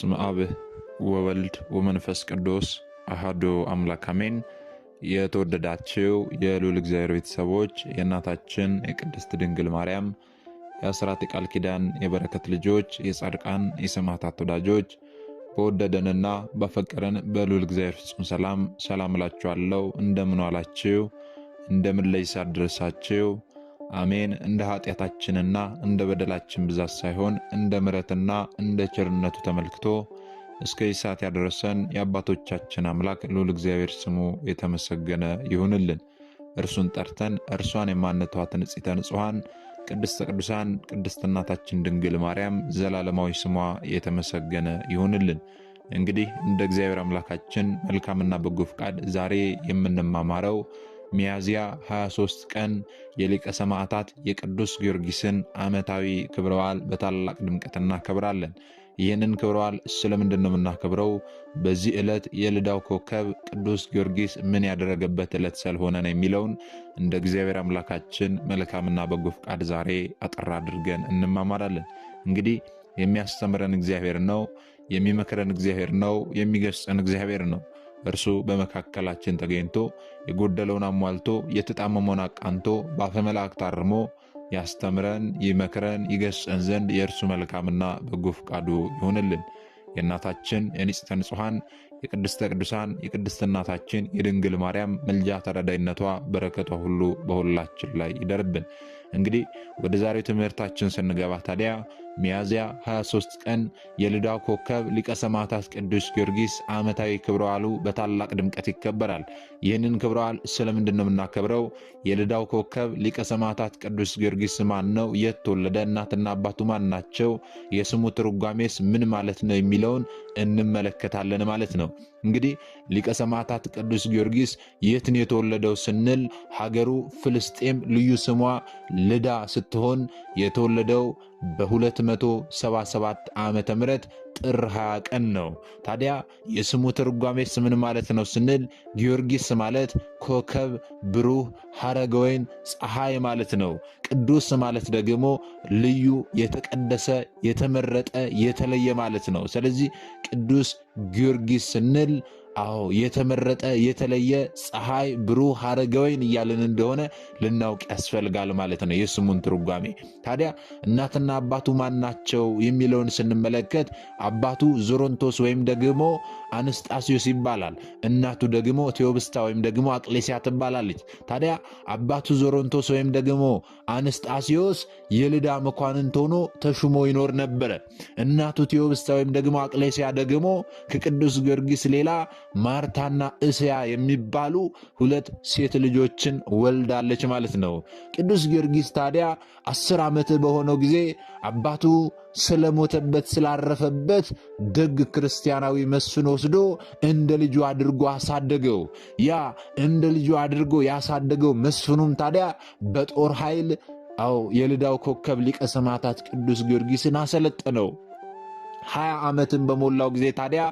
በስመ አብ ወወልድ ወመንፈስ ቅዱስ አሐዱ አምላክ አሜን። የተወደዳችው የልዑል እግዚአብሔር ቤተሰቦች የእናታችን የቅድስት ድንግል ማርያም የአስራት የቃል ኪዳን የበረከት ልጆች የጻድቃን የሰማዕታት ወዳጆች በወደደንና በፈቀረን በልዑል እግዚአብሔር ፍጹም ሰላም ሰላም እላችኋለሁ። እንደምን ዋላችሁ? እንደምን ለይሳ ደረሳችሁ? አሜን። እንደ ኃጢአታችንና እንደ በደላችን ብዛት ሳይሆን እንደ ምረትና እንደ ቸርነቱ ተመልክቶ እስከዚህ ሰዓት ያደረሰን የአባቶቻችን አምላክ ልዑል እግዚአብሔር ስሙ የተመሰገነ ይሁንልን። እርሱን ጠርተን እርሷን የማንተዋት ንጽሕተ ንጹሐን ቅድስተ ቅዱሳን ቅድስት እናታችን ድንግል ማርያም ዘላለማዊ ስሟ የተመሰገነ ይሁንልን። እንግዲህ እንደ እግዚአብሔር አምላካችን መልካምና በጎ ፍቃድ ዛሬ የምንማማረው ሚያዝያ 23 ቀን የሊቀ ሰማዕታት የቅዱስ ጊዮርጊስን ዓመታዊ ክብረ በዓል በታላቅ ድምቀት እናከብራለን። ይህንን ክብረ በዓል ስለምንድን ነው የምናከብረው? በዚህ ዕለት የልዳው ኮከብ ቅዱስ ጊዮርጊስ ምን ያደረገበት ዕለት ስለሆነ ነው የሚለውን እንደ እግዚአብሔር አምላካችን መልካምና በጎ ፍቃድ ዛሬ አጠር አድርገን እንማማራለን። እንግዲህ የሚያስተምረን እግዚአብሔር ነው፣ የሚመክረን እግዚአብሔር ነው፣ የሚገስጸን እግዚአብሔር ነው። እርሱ በመካከላችን ተገኝቶ የጎደለውን አሟልቶ የተጣመመውን አቃንቶ በአፈ መላእክት አርሞ ያስተምረን ይመክረን ይገስጸን ዘንድ የእርሱ መልካምና በጎ ፈቃዱ ይሆንልን። የእናታችን የንጽሕተ ንጹሐን የቅድስተ ቅዱሳን የቅድስት እናታችን የድንግል ማርያም ምልጃ ተረዳይነቷ በረከቷ ሁሉ በሁላችን ላይ ይደርብን። እንግዲህ ወደ ዛሬው ትምህርታችን ስንገባ ታዲያ ሚያዝያ 23 ቀን የልዳ ኮከብ ሊቀ ሰማዕታት ቅዱስ ጊዮርጊስ ዓመታዊ ክብረ በዓሉ በታላቅ ድምቀት ይከበራል። ይህንን ክብረ በዓል ስለምንድን ነው የምናከብረው? የልዳው ኮከብ ሊቀ ሰማዕታት ቅዱስ ጊዮርጊስ ማን ነው? የት ተወለደ? እናትና አባቱ ማን ናቸው? የስሙ ትርጓሜስ ምን ማለት ነው? የሚለውን እንመለከታለን ማለት ነው። እንግዲህ ሊቀ ሰማዕታት ቅዱስ ጊዮርጊስ የት ነው የተወለደው ስንል ሀገሩ ፍልስጤም ልዩ ስሟ ልዳ ስትሆን የተወለደው በ277 ዓ ም ጥር 20 ቀን ነው። ታዲያ የስሙ ትርጓሜስ ምን ማለት ነው ስንል ጊዮርጊስ ማለት ኮከብ፣ ብሩህ፣ ሐረገ ወይን፣ ፀሐይ ማለት ነው። ቅዱስ ማለት ደግሞ ልዩ፣ የተቀደሰ፣ የተመረጠ፣ የተለየ ማለት ነው። ስለዚህ ቅዱስ ጊዮርጊስ ስንል አዎ የተመረጠ የተለየ ፀሐይ ብሩህ ሐረገወይን እያለን እንደሆነ ልናውቅ ያስፈልጋል ማለት ነው የስሙን ትርጓሜ። ታዲያ እናትና አባቱ ማን ናቸው የሚለውን ስንመለከት አባቱ ዞሮንቶስ ወይም ደግሞ አንስጣስዮስ ይባላል። እናቱ ደግሞ ቴዎብስታ ወይም ደግሞ አቅሌሲያ ትባላለች። ታዲያ አባቱ ዞሮንቶስ ወይም ደግሞ አንስጣስዮስ የልዳ መኳንንት ሆኖ ተሹሞ ይኖር ነበረ። እናቱ ቴዎብስታ ወይም ደግሞ አቅሌሲያ ደግሞ ከቅዱስ ጊዮርጊስ ሌላ ማርታና እስያ የሚባሉ ሁለት ሴት ልጆችን ወልዳለች ማለት ነው። ቅዱስ ጊዮርጊስ ታዲያ አስር ዓመት በሆነው ጊዜ አባቱ ስለሞተበት ስላረፈበት ደግ ክርስቲያናዊ መስፍን ወስዶ እንደ ልጁ አድርጎ አሳደገው። ያ እንደ ልጁ አድርጎ ያሳደገው መስኑም ታዲያ በጦር ኃይል አው የልዳው ኮከብ ሊቀ ሰማዕታት ቅዱስ ጊዮርጊስን አሰለጠነው። ሀያ ዓመትን በሞላው ጊዜ ታዲያ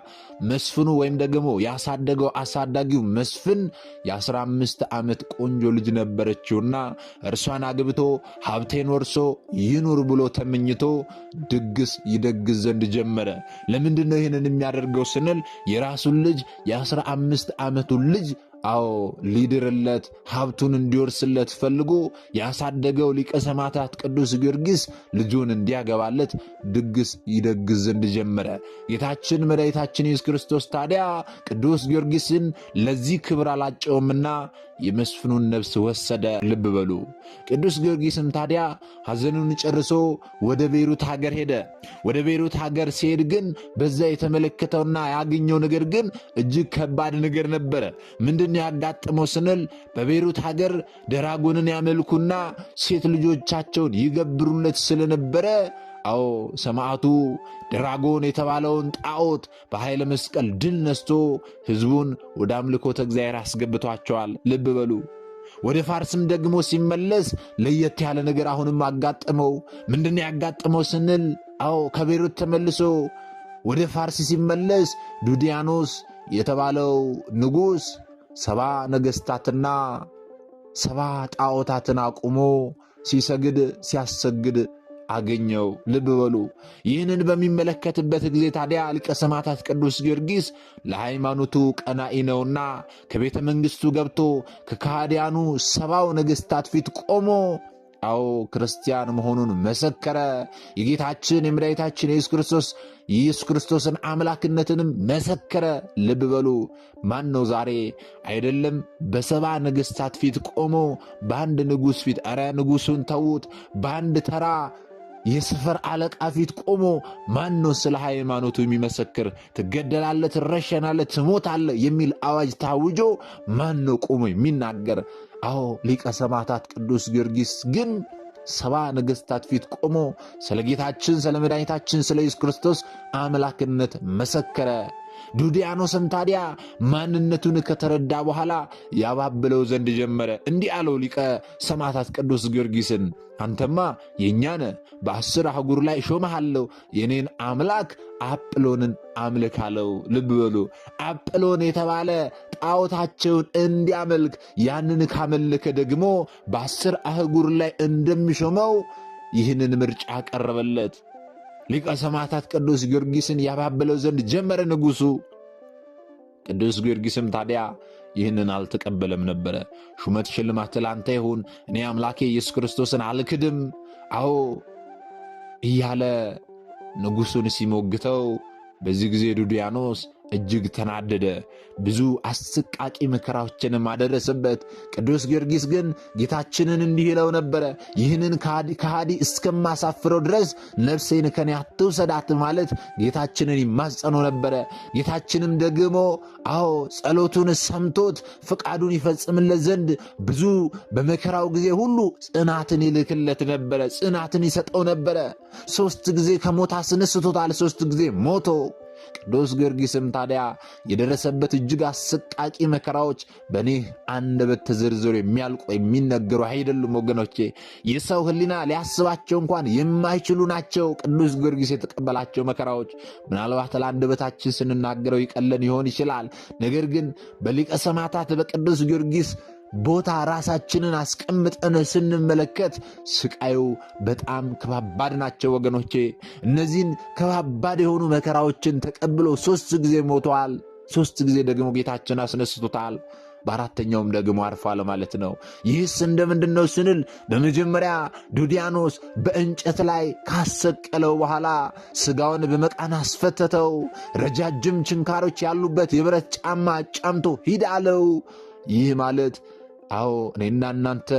መስፍኑ ወይም ደግሞ ያሳደገው አሳዳጊው መስፍን የአስራ አምስት ዓመት ቆንጆ ልጅ ነበረችውና እርሷን አግብቶ ሀብቴን ወርሶ ይኑር ብሎ ተመኝቶ ድግስ ይደግስ ዘንድ ጀመረ። ለምንድን ነው ይህንን የሚያደርገው ስንል የራሱን ልጅ የአስራ አምስት ዓመቱን ልጅ አዎ ሊድርለት ሀብቱን እንዲወርስለት ፈልጎ ያሳደገው ሊቀ ሰማዕታት ቅዱስ ጊዮርጊስ ልጁን እንዲያገባለት ድግስ ይደግስ ዘንድ ጀመረ። ጌታችን መድኃኒታችን ኢየሱስ ክርስቶስ ታዲያ ቅዱስ ጊዮርጊስን ለዚህ ክብር አላጨውምና የመስፍኑን ነፍስ ወሰደ። ልብ በሉ። ቅዱስ ጊዮርጊስም ታዲያ ሐዘኑን ጨርሶ ወደ ቤይሩት ሀገር ሄደ። ወደ ቤይሩት ሀገር ሲሄድ ግን በዛ የተመለከተውና ያገኘው ነገር ግን እጅግ ከባድ ነገር ነበረ። ምንድ ምንድን ያጋጥመው ስንል በቤሩት ሀገር ደራጎንን ያመልኩና ሴት ልጆቻቸውን ይገብሩለት ስለነበረ አዎ ሰማዕቱ ድራጎን የተባለውን ጣዖት በኃይለ መስቀል ድል ነስቶ ሕዝቡን ወደ አምልኮተ እግዚአብሔር አስገብቷቸዋል። ልብ በሉ። ወደ ፋርስም ደግሞ ሲመለስ ለየት ያለ ነገር አሁንም አጋጠመው። ምንድን ያጋጠመው ስንል አዎ ከቤሩት ተመልሶ ወደ ፋርስ ሲመለስ ዱዲያኖስ የተባለው ንጉሥ ሰባ ነገሥታትና ሰባ ጣዖታትን አቁሞ ሲሰግድ ሲያሰግድ አገኘው። ልብ በሉ። ይህንን በሚመለከትበት ጊዜ ታዲያ ሊቀ ሰማዕታት ቅዱስ ጊዮርጊስ ለሃይማኖቱ ቀናኢ ነውና ከቤተ መንግሥቱ ገብቶ ከካህዲያኑ ሰባው ነገሥታት ፊት ቆሞ አዎ ክርስቲያን መሆኑን መሰከረ። የጌታችን የመድኃኒታችን የኢየሱስ ክርስቶስ የኢየሱስ ክርስቶስን አምላክነትንም መሰከረ። ልብ በሉ። ማን ነው ዛሬ አይደለም በሰባ ነገሥታት ፊት ቆሞ በአንድ ንጉሥ ፊት፣ ኧረ ንጉሱን ተዉት፣ በአንድ ተራ የሰፈር አለቃ ፊት ቆሞ ማን ነው ስለ ሃይማኖቱ የሚመሰክር? ትገደላለ ትረሸናለ ትሞታለህ የሚል አዋጅ ታውጆ ማን ነው ቆሞ የሚናገር? አዎ ሊቀ ሰማዕታት ቅዱስ ጊዮርጊስ ግን ሰባ ነገሥታት ፊት ቆሞ ስለ ጌታችን ስለ መድኃኒታችን ስለ ኢየሱስ ክርስቶስ አምላክነት መሰከረ። ዱዲያኖስም ታዲያ ማንነቱን ከተረዳ በኋላ ያባብለው ዘንድ ጀመረ። እንዲህ አለው ሊቀ ሰማዕታት ቅዱስ ጊዮርጊስን አንተማ የእኛነ በአስር አህጉር ላይ ሾመሃለው የኔን አምላክ አጵሎንን አምልካለው። ልብ በሉ አጵሎን የተባለ ጣዖታቸውን እንዲያመልክ ያንን ካመለከ ደግሞ በአስር አህጉር ላይ እንደሚሾመው ይህንን ምርጫ ቀረበለት። ሊቀ ሰማዕታት ቅዱስ ጊዮርጊስን ያባብለው ዘንድ ጀመረ ንጉሡ። ቅዱስ ጊዮርጊስም ታዲያ ይህንን አልተቀበለም ነበረ። ሹመት ሽልማት ለአንተ ይሁን፣ እኔ አምላኬ ኢየሱስ ክርስቶስን አልክድም፣ አዎ እያለ ንጉሡን ሲሞግተው በዚህ ጊዜ ዱድያኖስ እጅግ ተናደደ። ብዙ አሰቃቂ መከራዎችንም አደረሰበት። ቅዱስ ጊዮርጊስ ግን ጌታችንን እንዲህ ይለው ነበረ፣ ይህንን ከሃዲ እስከማሳፍረው ድረስ ነፍሴን ከኔ አትውሰዳት ማለት ጌታችንን ይማጸኖ ነበረ። ጌታችንም ደግሞ አዎ ጸሎቱን ሰምቶት ፈቃዱን ይፈጽምለት ዘንድ ብዙ በመከራው ጊዜ ሁሉ ጽናትን ይልክለት ነበረ፣ ጽናትን ይሰጠው ነበረ። ሶስት ጊዜ ከሞት አስነስቶታል። ሶስት ጊዜ ሞቶ ቅዱስ ጊዮርጊስም ታዲያ የደረሰበት እጅግ አሰቃቂ መከራዎች አንድ አንደበት ተዘርዝሮ የሚያልቁ የሚነገሩ አይደሉም ወገኖቼ፣ የሰው ሕሊና ሊያስባቸው እንኳን የማይችሉ ናቸው። ቅዱስ ጊዮርጊስ የተቀበላቸው መከራዎች ምናልባት ለአንደበታችን ስንናገረው ይቀለን ይሆን ይችላል። ነገር ግን በሊቀ ሰማዕታት በቅዱስ ጊዮርጊስ ቦታ ራሳችንን አስቀምጠን ስንመለከት ስቃዩ በጣም ከባባድ ናቸው ወገኖቼ። እነዚህን ከባባድ የሆኑ መከራዎችን ተቀብሎ ሶስት ጊዜ ሞተዋል። ሶስት ጊዜ ደግሞ ጌታችን አስነስቶታል። በአራተኛውም ደግሞ አርፏል ማለት ነው። ይህስ እንደምንድን ነው ስንል በመጀመሪያ ዱዲያኖስ በእንጨት ላይ ካሰቀለው በኋላ ስጋውን በመቃን አስፈተተው። ረጃጅም ችንካሮች ያሉበት የብረት ጫማ ጫምቶ ሂድ አለው። ይህ ማለት አዎ እኔና እናንተ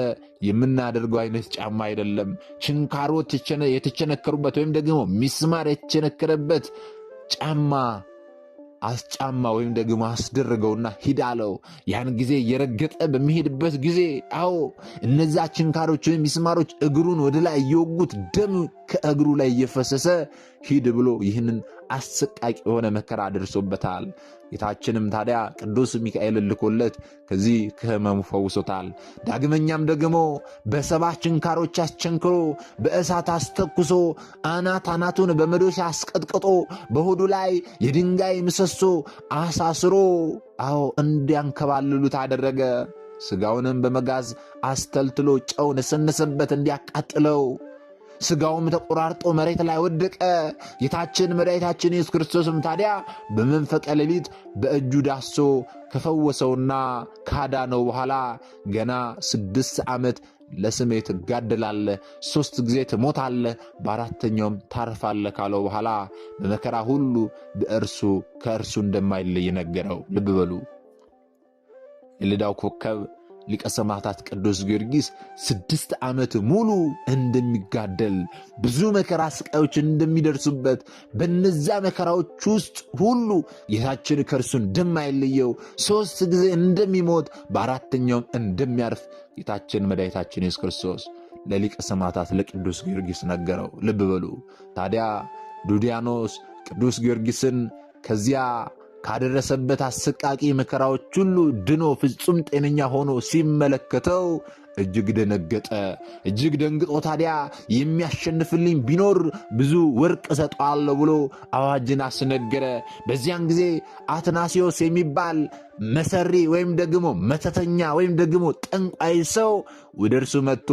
የምናደርገው አይነት ጫማ አይደለም። ችንካሮት የተቸነከሩበት ወይም ደግሞ ሚስማር የተቸነከረበት ጫማ አስጫማ ወይም ደግሞ አስደርገውና ሂድ አለው። ያን ጊዜ የረገጠ በሚሄድበት ጊዜ አዎ እነዛ ችንካሮች ወይም ሚስማሮች እግሩን ወደ ላይ እየወጉት ደም ከእግሩ ላይ እየፈሰሰ ሂድ ብሎ ይህንን አሰቃቂ የሆነ መከራ ደርሶበታል። ጌታችንም ታዲያ ቅዱስ ሚካኤል ልኮለት ከዚህ ከህመሙ ፈውሶታል። ዳግመኛም ደግሞ በሰባ ችንካሮች አስቸንክሮ በእሳት አስተኩሶ አናት አናቱን በመዶሻ አስቀጥቅጦ በሆዱ ላይ የድንጋይ ምሰሶ አሳስሮ አዎ እንዲያንከባልሉት አደረገ። ስጋውንም በመጋዝ አስተልትሎ ጨውን ስንስበት እንዲያቃጥለው ስጋውም ተቆራርጦ መሬት ላይ ወደቀ። ጌታችን መድኃኒታችን ኢየሱስ ክርስቶስም ታዲያ በመንፈቀ ሌሊት በእጁ ዳሶ ከፈወሰውና ካዳነው በኋላ ገና ስድስት ዓመት ለስሜ ትጋደላለህ፣ ሦስት ጊዜ ትሞታለህ፣ በአራተኛውም ታርፋለህ ካለው በኋላ በመከራ ሁሉ በእርሱ ከእርሱ እንደማይለይ ነገረው። ልብ በሉ የልዳው ኮከብ ሊቀ ሰማዕታት ቅዱስ ጊዮርጊስ ስድስት ዓመት ሙሉ እንደሚጋደል ብዙ መከራ ስቃዮች እንደሚደርሱበት በነዚያ መከራዎች ውስጥ ሁሉ ጌታችን ከእርሱ እንደማይለየው ሦስት ጊዜ እንደሚሞት በአራተኛውም እንደሚያርፍ ጌታችን መድኃኒታችን ኢየሱስ ክርስቶስ ለሊቀ ሰማዕታት ለቅዱስ ጊዮርጊስ ነገረው። ልብ በሉ ታዲያ ዱዲያኖስ ቅዱስ ጊዮርጊስን ከዚያ ካደረሰበት አሰቃቂ መከራዎች ሁሉ ድኖ ፍጹም ጤነኛ ሆኖ ሲመለከተው እጅግ ደነገጠ። እጅግ ደንግጦ ታዲያ የሚያሸንፍልኝ ቢኖር ብዙ ወርቅ እሰጠዋለሁ ብሎ አዋጅን አስነገረ። በዚያን ጊዜ አትናሲዮስ የሚባል መሰሪ ወይም ደግሞ መተተኛ ወይም ደግሞ ጠንቋይ ሰው ወደ እርሱ መጥቶ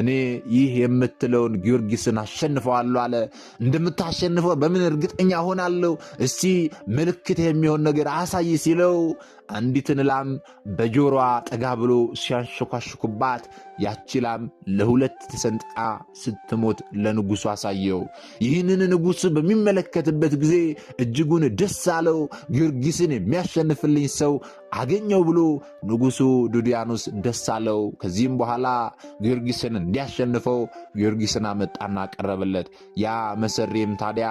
እኔ ይህ የምትለውን ጊዮርጊስን አሸንፈዋለሁ አለ። እንደምታሸንፈው በምን እርግጠኛ ሆናለሁ? እስቲ ምልክት የሚሆን ነገር አሳይ ሲለው አንዲትን ላም በጆሮዋ ጠጋ ብሎ ሲያንሸኳሽኩባት ያቺ ላም ለሁለት ተሰንጥቃ ስትሞት ለንጉሱ አሳየው። ይህንን ንጉሥ በሚመለከትበት ጊዜ እጅጉን ደስ አለው። ጊዮርጊስን የሚያሸንፍልኝ ሰው አገኘው ብሎ ንጉሱ ዱድያኖስ ደስ አለው። ከዚህም በኋላ ጊዮርጊስን እንዲያሸንፈው ጊዮርጊስን አመጣና ቀረበለት። ያ መሰሪም ታዲያ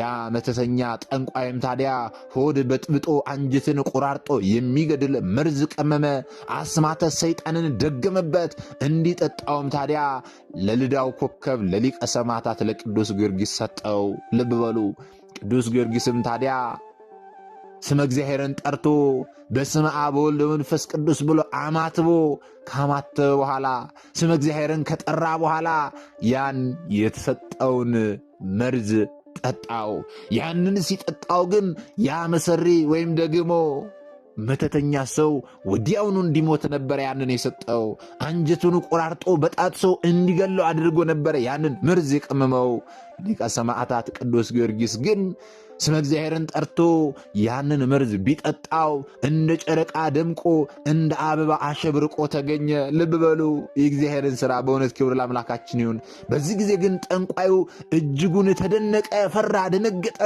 ያ መተተኛ ጠንቋይም ታዲያ ሆድ በጥብጦ አንጅትን ቆራርጦ የሚገድል መርዝ ቀመመ፣ አስማተ ሰይጣንን ደገመበት። እንዲጠጣውም ታዲያ ለልዳው ኮከብ ለሊቀ ሰማዕታት ለቅዱስ ጊዮርጊስ ሰጠው። ልብ በሉ ቅዱስ ጊዮርጊስም ታዲያ ስመ እግዚአብሔርን ጠርቶ በስመ አብ ወልድ መንፈስ ቅዱስ ብሎ አማትቦ ካማተበ በኋላ ስመ እግዚአብሔርን ከጠራ በኋላ ያን የተሰጠውን መርዝ ጠጣው። ያንን ሲጠጣው ግን ያ መሰሪ ወይም ደግሞ መተተኛ ሰው ወዲያውኑ እንዲሞት ነበረ። ያንን የሰጠው አንጀቱን ቆራርጦ በጣት ሰው እንዲገለው አድርጎ ነበረ ያንን መርዝ የቀመመው ሊቀ ሰማዕታት ቅዱስ ጊዮርጊስ ግን ስመ እግዚአብሔርን ጠርቶ ያንን መርዝ ቢጠጣው እንደ ጨረቃ ደምቆ እንደ አበባ አሸብርቆ ተገኘ። ልብ በሉ የእግዚአብሔርን ስራ በእውነት ክብር ለአምላካችን ይሁን። በዚህ ጊዜ ግን ጠንቋዩ እጅጉን ተደነቀ፣ ፈራ፣ ደነገጠ።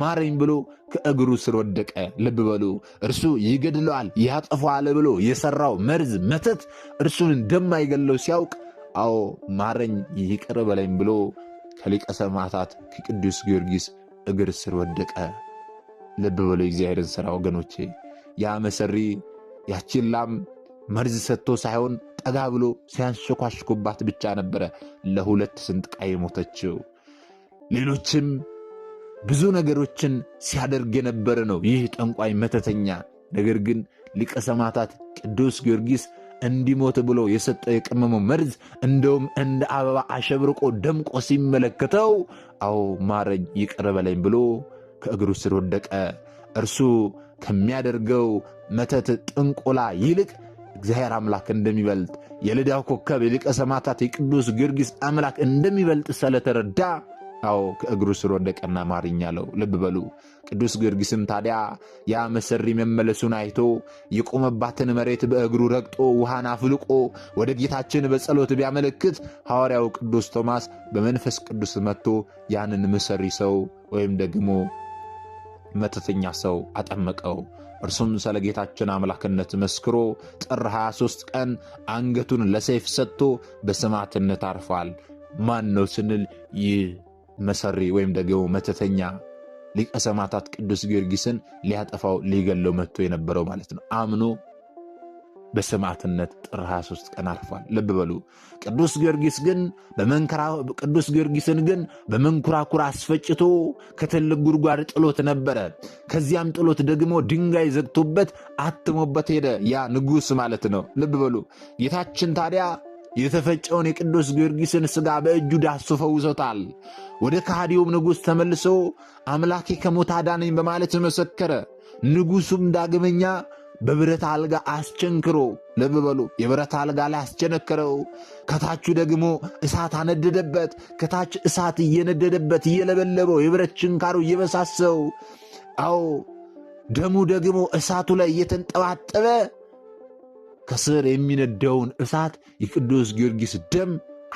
ማረኝ ብሎ ከእግሩ ስር ወደቀ። ልብ በሉ እርሱ ይገድለዋል ያጠፋዋል ብሎ የሰራው መርዝ መተት እርሱን እንደማይገለው ሲያውቅ አዎ ማረኝ ይቅር በለኝ ብሎ ከሊቀ ሰማዕታት ከቅዱስ ጊዮርጊስ እግር ስር ወደቀ። ልብ በሎ እግዚአብሔርን ሥራ ወገኖቼ። ያ መሰሪ ያችን ላም መርዝ ሰጥቶ ሳይሆን ጠጋ ብሎ ሲያንሸኳሽኩባት ብቻ ነበረ ለሁለት ስንጥቃ የሞተችው። ሌሎችም ብዙ ነገሮችን ሲያደርግ የነበረ ነው ይህ ጠንቋይ መተተኛ። ነገር ግን ሊቀ ሰማዕታት ቅዱስ ጊዮርጊስ እንዲሞት ብሎ የሰጠ የቀመመው መርዝ እንደውም እንደ አበባ አሸብርቆ ደምቆ ሲመለከተው፣ አዎ ማረኝ፣ ይቅር በለኝ ብሎ ከእግሩ ስር ወደቀ። እርሱ ከሚያደርገው መተት ጥንቆላ ይልቅ እግዚአብሔር አምላክ እንደሚበልጥ የልዳው ኮከብ የሊቀ ሰማዕታት የቅዱስ ጊዮርጊስ አምላክ እንደሚበልጥ ስለተረዳ አዎ ከእግሩ ስር ወደቀና ማርኝ አለው። ልብ በሉ ቅዱስ ጊዮርጊስም ታዲያ ያ መሰሪ መመለሱን አይቶ የቆመባትን መሬት በእግሩ ረግጦ ውሃን አፍልቆ ወደ ጌታችን በጸሎት ቢያመለክት ሐዋርያው ቅዱስ ቶማስ በመንፈስ ቅዱስ መጥቶ ያንን መሰሪ ሰው ወይም ደግሞ መተተኛ ሰው አጠመቀው። እርሱም ስለ ጌታችን አምላክነት መስክሮ ጥር 23 ቀን አንገቱን ለሰይፍ ሰጥቶ በሰማዕትነት አርፏል። ማን ነው ስንል ይህ መሰሪ ወይም ደግሞ መተተኛ ሊቀ ሰማዕታት ቅዱስ ጊዮርጊስን ሊያጠፋው ሊገለው መጥቶ የነበረው ማለት ነው። አምኖ በሰማዕትነት ጥር 23 ቀን አርፏል። ልብ በሉ። ቅዱስ ጊዮርጊስ ግን ቅዱስ ጊዮርጊስን ግን በመንኩራኩር አስፈጭቶ ከትልቅ ጉድጓድ ጥሎት ነበረ። ከዚያም ጥሎት ደግሞ ድንጋይ ዘግቶበት አትሞበት ሄደ። ያ ንጉስ ማለት ነው። ልብ በሉ። ጌታችን ታዲያ የተፈጨውን የቅዱስ ጊዮርጊስን ሥጋ በእጁ ዳሶ ፈውሶታል። ወደ ከሃዲውም ንጉሥ ተመልሶ አምላኬ ከሞት አዳነኝ በማለት መሰከረ። ንጉሡም ዳግመኛ በብረት አልጋ አስቸንክሮ ልብ በሉ፣ የብረት አልጋ ላይ አስቸነከረው። ከታቹ ደግሞ እሳት አነደደበት። ከታች እሳት እየነደደበት እየለበለበው፣ የብረት ችንካሩ እየበሳሰው፣ አዎ ደሙ ደግሞ እሳቱ ላይ እየተንጠባጠበ ከስር የሚነደውን እሳት የቅዱስ ጊዮርጊስ ደም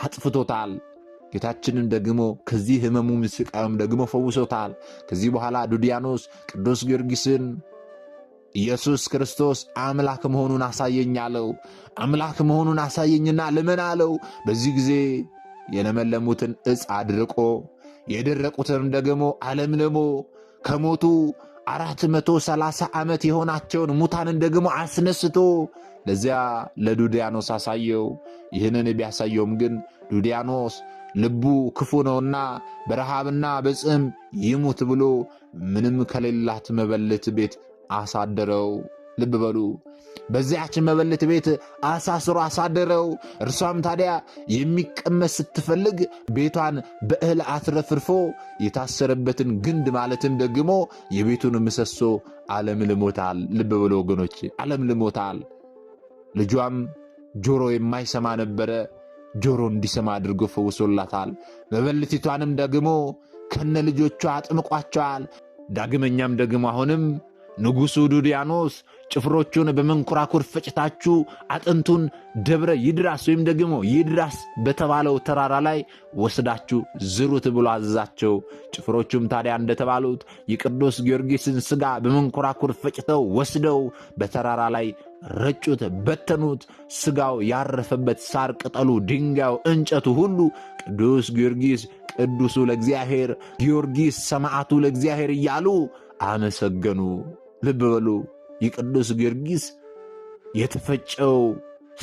አጥፍቶታል። ጌታችንም ደግሞ ከዚህ ህመሙ ምስቃዩም ደግሞ ፈውሶታል። ከዚህ በኋላ ዱዲያኖስ ቅዱስ ጊዮርጊስን ኢየሱስ ክርስቶስ አምላክ መሆኑን አሳየኝ አለው። አምላክ መሆኑን አሳየኝና ልመን አለው። በዚህ ጊዜ የለመለሙትን እጽ አድርቆ የደረቁትን ደግሞ አለምልሞ ከሞቱ አራት መቶ ሰላሳ ዓመት የሆናቸውን ሙታንን ደግሞ አስነስቶ ለዚያ ለዱዲያኖስ አሳየው። ይህንን ቢያሳየውም ግን ዱዲያኖስ ልቡ ክፉ ነውና በረሃብና በጽም ይሙት ብሎ ምንም ከሌላት መበለት ቤት አሳደረው። ልብ በሉ። በዚያችን መበለት ቤት አሳስሮ አሳደረው። እርሷም ታዲያ የሚቀመስ ስትፈልግ ቤቷን በእህል አትረፍርፎ የታሰረበትን ግንድ ማለትም ደግሞ የቤቱን ምሰሶ አለም ልሞታል። ልብ ብሎ ወገኖች፣ አለም ልሞታል። ልጇም ጆሮ የማይሰማ ነበረ፣ ጆሮ እንዲሰማ አድርጎ ፈውሶላታል። መበለቲቷንም ደግሞ ከነ ልጆቿ አጥምቋቸዋል። ዳግመኛም ደግሞ አሁንም ንጉሡ ዱድያኖስ ጭፍሮቹን በመንኮራኩር ፈጭታችሁ አጥንቱን ደብረ ይድራስ ወይም ደግሞ ይድራስ በተባለው ተራራ ላይ ወስዳችሁ ዝሩት ብሎ አዘዛቸው። ጭፍሮቹም ታዲያ እንደተባሉት የቅዱስ ጊዮርጊስን ሥጋ በመንኮራኩር ፈጭተው ወስደው በተራራ ላይ ረጩት፣ በተኑት። ሥጋው ያረፈበት ሳር፣ ቅጠሉ፣ ድንጋዩ፣ እንጨቱ ሁሉ ቅዱስ ጊዮርጊስ ቅዱሱ ለእግዚአብሔር ጊዮርጊስ ሰማዕቱ ለእግዚአብሔር እያሉ አመሰገኑ። ልብ በሉ። የቅዱስ ጊዮርጊስ የተፈጨው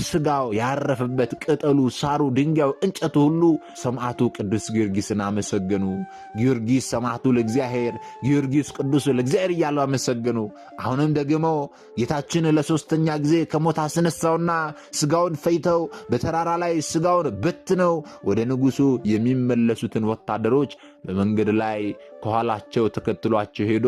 ስጋው ያረፈበት ቅጠሉ፣ ሳሩ፣ ድንጋዩ፣ እንጨቱ ሁሉ ሰማዕቱ ቅዱስ ጊዮርጊስን አመሰገኑ። ጊዮርጊስ ሰማዕቱ ለእግዚአብሔር፣ ጊዮርጊስ ቅዱሱ ለእግዚአብሔር እያሉ አመሰገኑ። አሁንም ደግሞ ጌታችን ለሶስተኛ ጊዜ ከሞት አስነሳውና ስጋውን ፈይተው በተራራ ላይ ስጋውን በትነው ወደ ንጉሱ የሚመለሱትን ወታደሮች በመንገድ ላይ ከኋላቸው ተከትሏቸው ሄዶ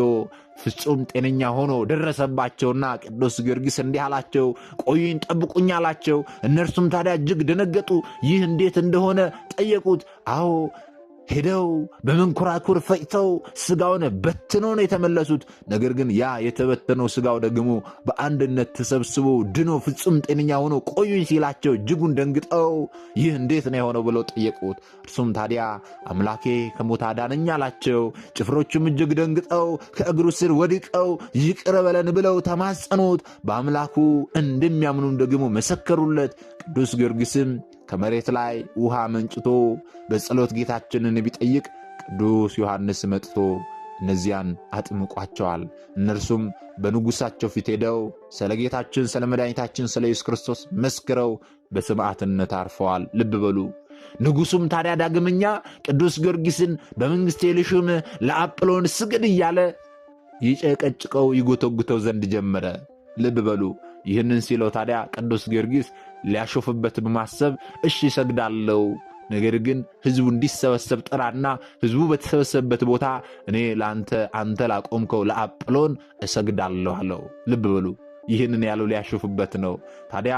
ፍጹም ጤነኛ ሆኖ ደረሰባቸውና ቅዱስ ጊዮርጊስ እንዲህ አላቸው፣ ቆዩኝ ጠብቁኝ አላቸው። እነርሱም ታዲያ እጅግ ደነገጡ። ይህ እንዴት እንደሆነ ጠየቁት። አዎ ሄደው በመንኮራኩር ፈጭተው ስጋውን በትነው ነው የተመለሱት። ነገር ግን ያ የተበተነው ስጋው ደግሞ በአንድነት ተሰብስቦ ድኖ ፍጹም ጤነኛ ሆኖ ቆዩኝ ሲላቸው እጅጉን ደንግጠው ይህ እንዴት ነው የሆነው ብለው ጠየቁት። እርሱም ታዲያ አምላኬ ከሞት አዳነኝ አላቸው። ጭፍሮቹም እጅግ ደንግጠው ከእግሩ ስር ወድቀው ይቅር በለን ብለው ተማጸኑት። በአምላኩ እንደሚያምኑም ደግሞ መሰከሩለት። ቅዱስ ጊዮርጊስም ከመሬት ላይ ውሃ መንጭቶ በጸሎት ጌታችንን ቢጠይቅ ቅዱስ ዮሐንስ መጥቶ እነዚያን አጥምቋቸዋል። እነርሱም በንጉሳቸው ፊት ሄደው ስለ ጌታችን ስለ መድኃኒታችን ስለ ኢየሱስ ክርስቶስ መስክረው በሰማዕትነት አርፈዋል። ልብ በሉ። ንጉሱም ታዲያ ዳግመኛ ቅዱስ ጊዮርጊስን በመንግሥቴ ልሹም ለአጵሎን ስግድ እያለ ይጨቀጭቀው ይጎተጉተው ዘንድ ጀመረ። ልብ በሉ። ይህንን ሲለው ታዲያ ቅዱስ ጊዮርጊስ ሊያሾፍበት በማሰብ እሺ ይሰግዳለው። ነገር ግን ህዝቡ እንዲሰበሰብ ጥራና ህዝቡ በተሰበሰበበት ቦታ እኔ ለአንተ አንተ ላቆምከው ለአጵሎን እሰግዳለሁ አለው። ልብ በሉ ይህንን ያለው ሊያሾፍበት ነው። ታዲያ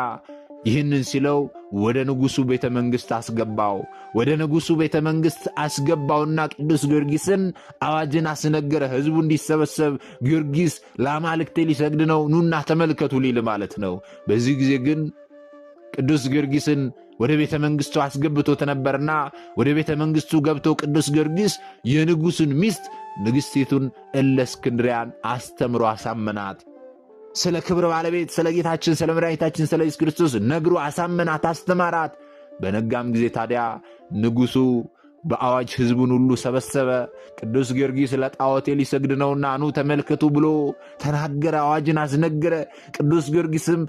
ይህንን ሲለው ወደ ንጉሱ ቤተ መንግሥት አስገባው። ወደ ንጉሱ ቤተ መንግሥት አስገባውና ቅዱስ ጊዮርጊስን አዋጅን አስነገረ። ህዝቡ እንዲሰበሰብ ጊዮርጊስ ለአማልክቴ ሊሰግድ ነው፣ ኑና ተመልከቱ ሊል ማለት ነው። በዚህ ጊዜ ግን ቅዱስ ጊዮርጊስን ወደ ቤተ መንግሥቱ አስገብቶት ነበርና ወደ ቤተ መንግሥቱ ገብቶ ቅዱስ ጊዮርጊስ የንጉሡን ሚስት ንግሥቲቱን እለእስክንድርያን አስተምሮ አሳመናት። ስለ ክብር ባለቤት ስለ ጌታችን ስለ መድኃኒታችን ስለ ኢየሱስ ክርስቶስ ነግሮ አሳመናት፣ አስተማራት። በነጋም ጊዜ ታዲያ ንጉሡ በአዋጅ ሕዝቡን ሁሉ ሰበሰበ። ቅዱስ ጊዮርጊስ ለጣዖቴ ሊሰግድ ነውና ኑ ተመልከቱ ብሎ ተናገረ፣ አዋጅን አስነገረ። ቅዱስ ጊዮርጊስም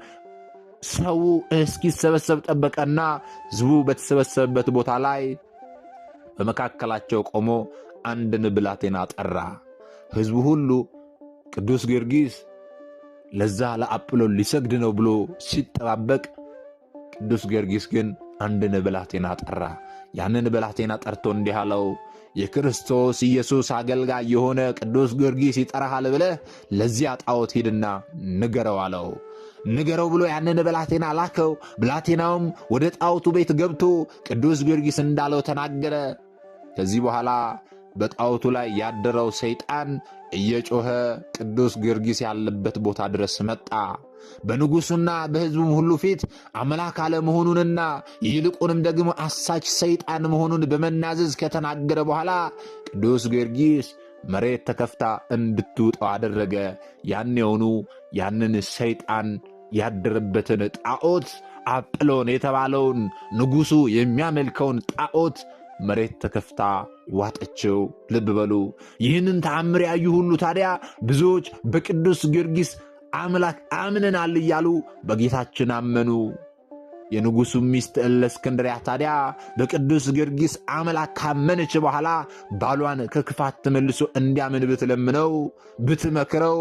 ሰው እስኪሰበሰብ ጠበቀና ሕዝቡ በተሰበሰበበት ቦታ ላይ በመካከላቸው ቆሞ አንድን ብላቴና ጠራ። ሕዝቡ ሁሉ ቅዱስ ጊዮርጊስ ለዛ ለአጵሎን ሊሰግድ ነው ብሎ ሲጠባበቅ ቅዱስ ጊዮርጊስ ግን አንድን ብላቴና ጠራ። ያንን ብላቴና ጠርቶ እንዲህ አለው፣ የክርስቶስ ኢየሱስ አገልጋይ የሆነ ቅዱስ ጊዮርጊስ ይጠራሃል ብለህ ለዚያ ጣዖት ሂድና ንገረው አለው። ንገረው ብሎ ያንን ብላቴና ላከው። ብላቴናውም ወደ ጣዖቱ ቤት ገብቶ ቅዱስ ጊዮርጊስ እንዳለው ተናገረ። ከዚህ በኋላ በጣዖቱ ላይ ያደረው ሰይጣን እየጮኸ ቅዱስ ጊዮርጊስ ያለበት ቦታ ድረስ መጣ። በንጉሡና በሕዝቡም ሁሉ ፊት አምላክ አለመሆኑንና ይልቁንም ደግሞ አሳች ሰይጣን መሆኑን በመናዘዝ ከተናገረ በኋላ ቅዱስ ጊዮርጊስ መሬት ተከፍታ እንድትውጠው አደረገ። ያኔውኑ ያንን ሰይጣን ያደረበትን ጣዖት አጵሎን የተባለውን ንጉሡ የሚያመልከውን ጣዖት መሬት ተከፍታ ዋጠችው። ልብ በሉ። ይህንን ተአምር ያዩ ሁሉ ታዲያ ብዙዎች በቅዱስ ጊዮርጊስ አምላክ አምነናል እያሉ በጌታችን አመኑ። የንጉሡ ሚስት እለእስክንድርያ ታዲያ በቅዱስ ጊዮርጊስ አምላክ ካመነች በኋላ ባሏን ከክፋት ተመልሶ እንዲያምን ብትለምነው ብትመክረው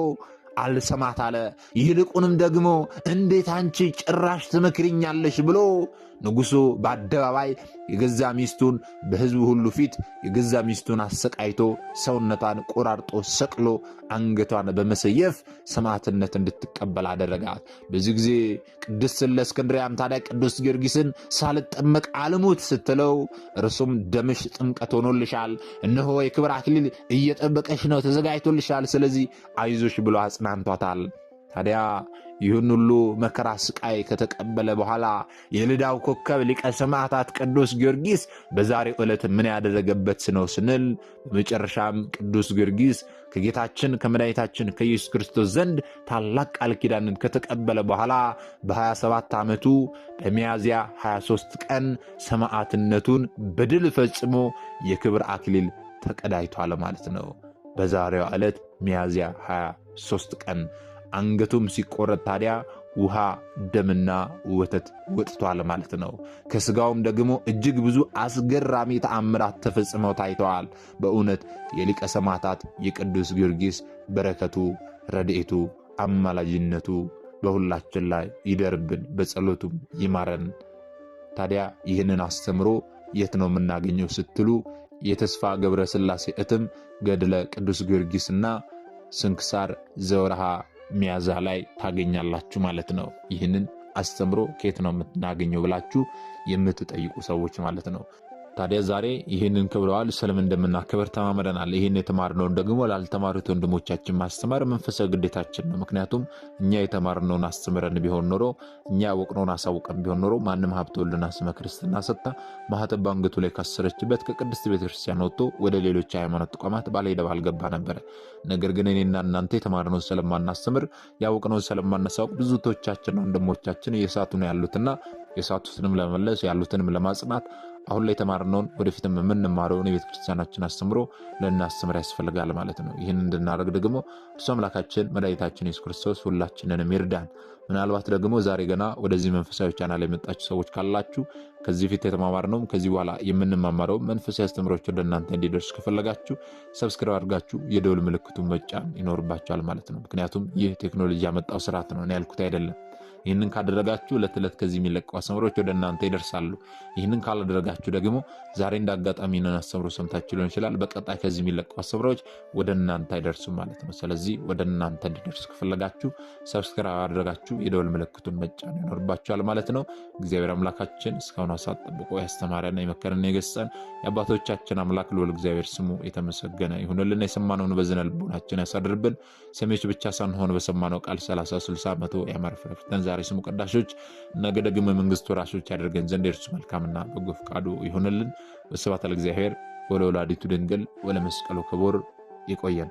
አልሰማት አለ። ይልቁንም ደግሞ እንዴት አንቺ ጭራሽ ትመክርኛለሽ ብሎ ንጉሡ በአደባባይ የገዛ ሚስቱን በሕዝቡ ሁሉ ፊት የገዛ ሚስቱን አሰቃይቶ ሰውነቷን ቆራርጦ ሰቅሎ አንገቷን በመሰየፍ ሰማዕትነት እንድትቀበል አደረጋት። በዚህ ጊዜ ቅድስት እለእስክንድርያም ታዲያ ቅዱስ ጊዮርጊስን ሳልጠመቅ አልሙት ስትለው እርሱም ደምሽ ጥምቀት ሆኖልሻል፣ እነሆ የክብር አክሊል እየጠበቀሽ ነው፣ ተዘጋጅቶልሻል፣ ስለዚህ አይዞሽ ብሎ አጽናንቷታል። ታዲያ ይህን ሁሉ መከራ ስቃይ ከተቀበለ በኋላ የልዳው ኮከብ ሊቀ ሰማዕታት ቅዱስ ጊዮርጊስ በዛሬ ዕለት ምን ያደረገበት ነው ስንል በመጨረሻም ቅዱስ ጊዮርጊስ ከጌታችን ከመድኃኒታችን ከኢየሱስ ክርስቶስ ዘንድ ታላቅ ቃል ኪዳንን ከተቀበለ በኋላ በ27 ዓመቱ በሚያዝያ 23 ቀን ሰማዕትነቱን በድል ፈጽሞ የክብር አክሊል ተቀዳጅቷል ማለት ነው። በዛሬዋ ዕለት ሚያዝያ 23 ቀን አንገቱም ሲቆረጥ ታዲያ ውሃ ደምና ወተት ወጥቷል ማለት ነው። ከስጋውም ደግሞ እጅግ ብዙ አስገራሚ ተአምራት ተፈጽመው ታይተዋል። በእውነት የሊቀ ሰማዕታት የቅዱስ ጊዮርጊስ በረከቱ፣ ረድኤቱ፣ አማላጅነቱ በሁላችን ላይ ይደርብን፣ በጸሎቱም ይማረን። ታዲያ ይህንን አስተምሮ የት ነው የምናገኘው ስትሉ የተስፋ ገብረ ስላሴ እትም ገድለ ቅዱስ ጊዮርጊስና ስንክሳር ዘወርሃ ሚያዛ ላይ ታገኛላችሁ ማለት ነው። ይህንን አስተምሮ ከየት ነው የምናገኘው ብላችሁ የምትጠይቁ ሰዎች ማለት ነው። ታዲያ ዛሬ ይህንን ክብረ በዓል ስለምን እንደምናከብር ተማምረናል። ይህን የተማርነውን ደግሞ ላልተማሩት ወንድሞቻችን ማስተማር መንፈሳዊ ግዴታችን ነው። ምክንያቱም እኛ የተማርነውን አስተምረን ቢሆን ኖሮ፣ እኛ ያወቅነውን አሳውቀን ቢሆን ኖሮ ማንም ሀብተ ወልድና ስመ ክርስትና ሰጥታ ማኅተብ አንገቱ ላይ ካሰረችበት ከቅድስት ቤተክርስቲያን ወጥቶ ወደ ሌሎች ሃይማኖት ተቋማት ባልሄደብ አልገባ ነበረ። ነገር ግን እኔና እናንተ የተማርነውን ስለማናስተምር፣ ያወቅነውን ስለማናሳውቅ ቶቻችን ወንድሞቻችን እየሳቱ ነው ያሉትና የሳቱትንም ለመመለስ ያሉትንም ለማጽናት አሁን ላይ የተማርነውን ወደፊትም የምንማረውን የቤተ ክርስቲያናችን አስተምሮ ልናስተምር ያስፈልጋል ማለት ነው። ይህን እንድናደርግ ደግሞ እሱ አምላካችን መድኃኒታችን የሱስ ክርስቶስ ሁላችንንም ይርዳን። ምናልባት ደግሞ ዛሬ ገና ወደዚህ መንፈሳዊ ቻናል የመጣችሁ ሰዎች ካላችሁ ከዚህ ፊት የተማማርነውም ከዚህ በኋላ የምንማማረው መንፈሳዊ አስተምሮች ወደ እናንተ እንዲደርሱ ከፈለጋችሁ ሰብስክራይብ አድርጋችሁ የደውል ምልክቱን መጫን ይኖርባችኋል ማለት ነው። ምክንያቱም ይህ ቴክኖሎጂ ያመጣው ስርዓት ነው፣ እኔ ያልኩት አይደለም። ይህንን ካደረጋችሁ ዕለት ዕለት ከዚህ የሚለቀው አስተምሮች ወደ እናንተ ይደርሳሉ። ይህንን ካላደረጋችሁ ደግሞ ዛሬ እንዳጋጣሚ ነን አስተምሮ ሰምታችሁ ሊሆን ይችላል። በቀጣይ ከዚህ የሚለቀው አስተምሮች ወደ እናንተ አይደርሱም ማለት ነው። ስለዚህ ወደ እናንተ እንዲደርሱ ከፈለጋችሁ ሰብስክራ አድርጋችሁ የደወል ምልክቱን መጫን ይኖርባችኋል ማለት ነው። እግዚአብሔር አምላካችን እስካሁን ሰዓት ጠብቆ ያስተማረን የመከረን የገሰጸን የአባቶቻችን አምላክ ልዑል እግዚአብሔር ስሙ የተመሰገነ ይሁንልና የሰማነውን በዝነ ልቦናችን ያሳድርብን። ሰሚዎች ብቻ ሳንሆን በሰማነው ቃል ሰላሳ ስልሳ መቶ ያማረ ፍሬ አፍርተን ዛሬ ስሙ ቀዳሾች፣ ነገ ደግሞ የመንግስቱ ወራሾች ያደርገን ዘንድ የእርሱ መልካምና በጎ ፈቃዱ ይሆንልን። ወስብሐት ለእግዚአብሔር ወለወላዲቱ ድንግል ወለመስቀሉ ክቡር። ይቆየን።